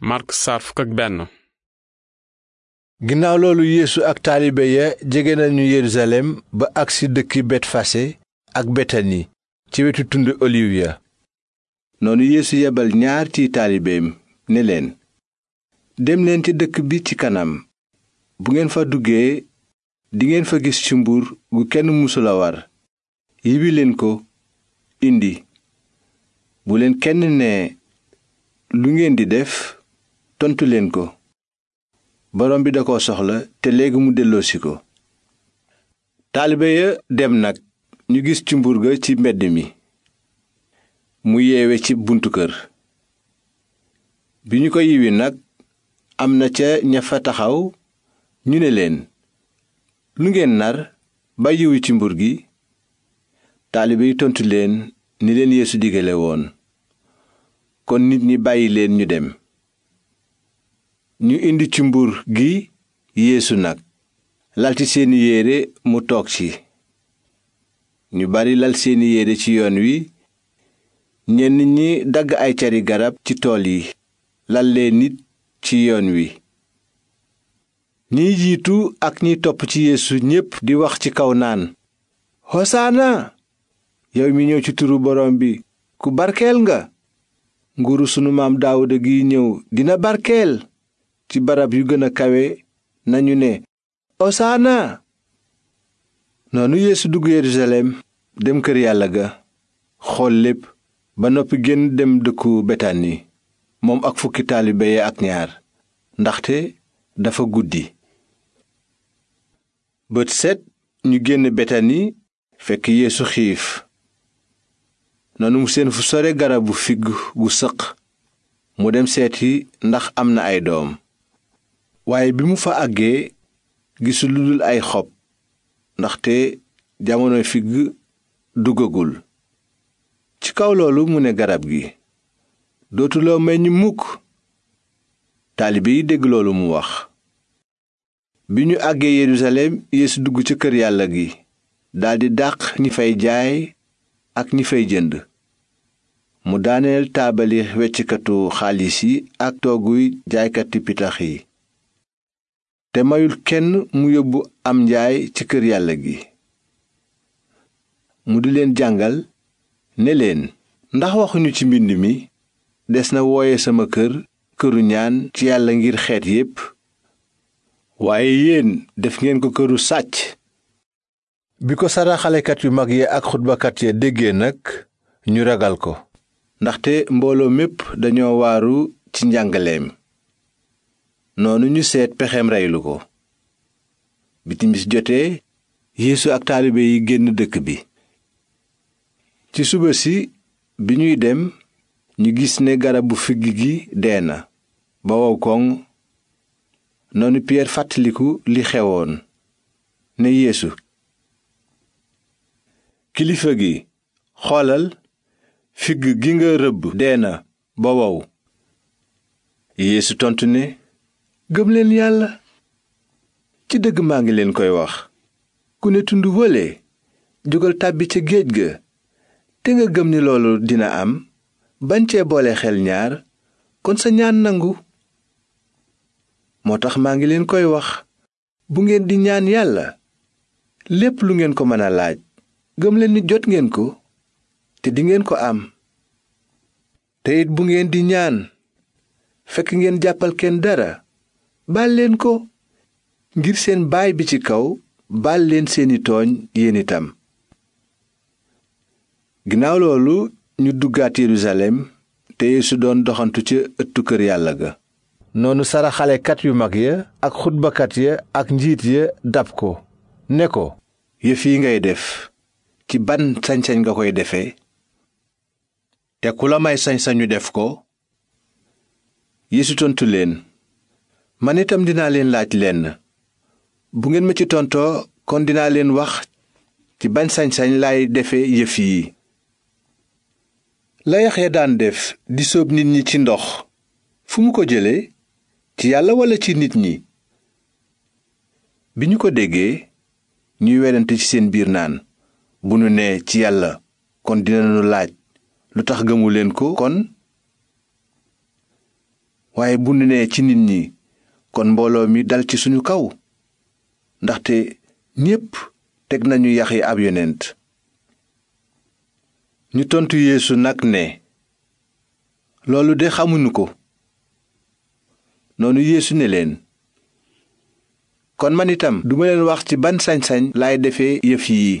Mark saar benn. ginnaaw loolu yeesu ak taalibe ya jege nañu yerusalem ba ak agsi dëkki betfase ak betani ci wetu tund oliw ya noonu yeesu yebal ñaar ci taalibeem ne leen demleen ci dëkk bi ci kanam bu ngeen fa duggee dingeen fa gis ci cumbur gu kenn musula war yibi leen ko indi bu leen kenn nee lu ngeen di def tontu leen ko borom bi da ko soxla te léegi mu delloosi ko taalibe ya dem nag ñu gis cumbur ga ci mbedd mi mu yeewe ci buntu kër bi ñu ko yiwi nag am na ca ña fa taxaw ñu ne leen lu ngeen nar ba yiwi cumbur gi taalibe yi tontu leen ni leen yéesu digale woon kon nit ñi bàyyi leen ñu dem ñu indi ci mbur gi yéesu nag lal ci seeni yére mu toog ci ñu bari lal seeni yére ci yoon wi ñenn ñi dagg ay cari garab ci tool yi lal leen nit ci yoon wi ñiy jiitu ak ñiy topp ci yéesu ñépp di wax ci kaw naan hosaana yow mi ñëw ci turu borom bi ku barkeel nga nguuru sunu maam daawuda gi ñëw dina barkeel ci barab yu gën a kawe nañu ne osaana noonu yéesu dugg yerusalem dem kër yàlla ga xool lépp ba noppi génn dem dëkku betani moom ak fukki taalibe ya ak ñaar ndaxte dafa guddi bët set ñu génn betani fekk yeesu xiif noonu mu seen fu sore garabu figg gu sëq mu dem seeti ndax am na ay doom waaye bi mu fa àggee gisul lu dul ay xob ndaxte jamono figg duggagul ci kaw loolu mu ne garab gi dootuloo meññ mukk taalibe yi dégg loolu mu wax bi ñu àggee yerusalem yeesu dugg ci kër yàlla gi daldi dàq ñi fay jaay ak ñi fay jënd mu daaneel taabali weccikatu xaalis yi ak tooguy jaaykati pitax yi te mayul kenn mu yóbbu am njaay ci kër yàlla gi mu di leen jàngal ne leen ndax waxuñu ci mbind mi des na wooye sama kër këru ñaan ci yàlla ngir xeet yépp waaye yéen def ngeen ko këru sàcc bi ko saraxalekat yu mag yi ak xutbakat ya déggee nag ñu ragal ko ndaxte mbooloo mépp dañoo waaru ci njàngaleem noonu ñu seet pexem reylu ko bi timis jotee yeesu ak taalibe yi génn dëkk bi ci suba si bi ñuy dem ñu gis ne garabu figg gi dee na ba wow koŋ noonu piyeer fàttaliku li xewoon ne yéesu kilifa gi xoolal figg gi nga rëbb dee na ba wow yeesu tontu ne gëm leen yàlla ci dëgg maa ngi leen koy wax ku ne tund wële jógal tàbbi ca géej ga te nga gëm ni loolu dina am bañ cee boole xel ñaar kon sa ñaan nangu moo tax maa ngi leen koy wax bu ngeen di ñaan yàlla lépp lu ngeen ko mën a laaj gëmleen leen ni jot ngeen ko te dingeen ko am te it bu ngeen di ñaan fekk ngeen jàppal kenn dara leen ko ngir seen baay bi ci kaw baal leen seeni tooñ yéen itam ginnaaw loolu ñu duggaat yerusalem te yeesu doon doxantu ca ëttu kër yàlla ga noonu saraxalekat yu mag ya ak xutbakat ya ak njiit ya dab ko ne ko yëf yi ngay def ci ban sañsañ nga koy defee te ku la may sañ-sañu def ko yeesu leen man itam dinaa leen laaj lenn bu ngeen ma ci tontoo kon dinaa leen wax ci bañ sañ-sañ laay defe yëf yi la Yaxya daan def di sóob nit ñi ci ndox fu mu ko jële ci yàlla walla ci nit ñi bi ñu ko déggee ñuy werante ci seen biir naan bu nu nee ci yàlla kon dinañu laaj lu tax gëmu leen ko kon waaye bu nu nee ci nit ñi kon mbooloo mi dal ci suñu kaw ndaxte ñépp teg nañu yaxi ab yonent ñu tontu yéesu nag ne loolu de xamuñu ko noonu yéesu ne leen kon man itam duma leen wax ci ban sañsañ lay laay defee yëf yii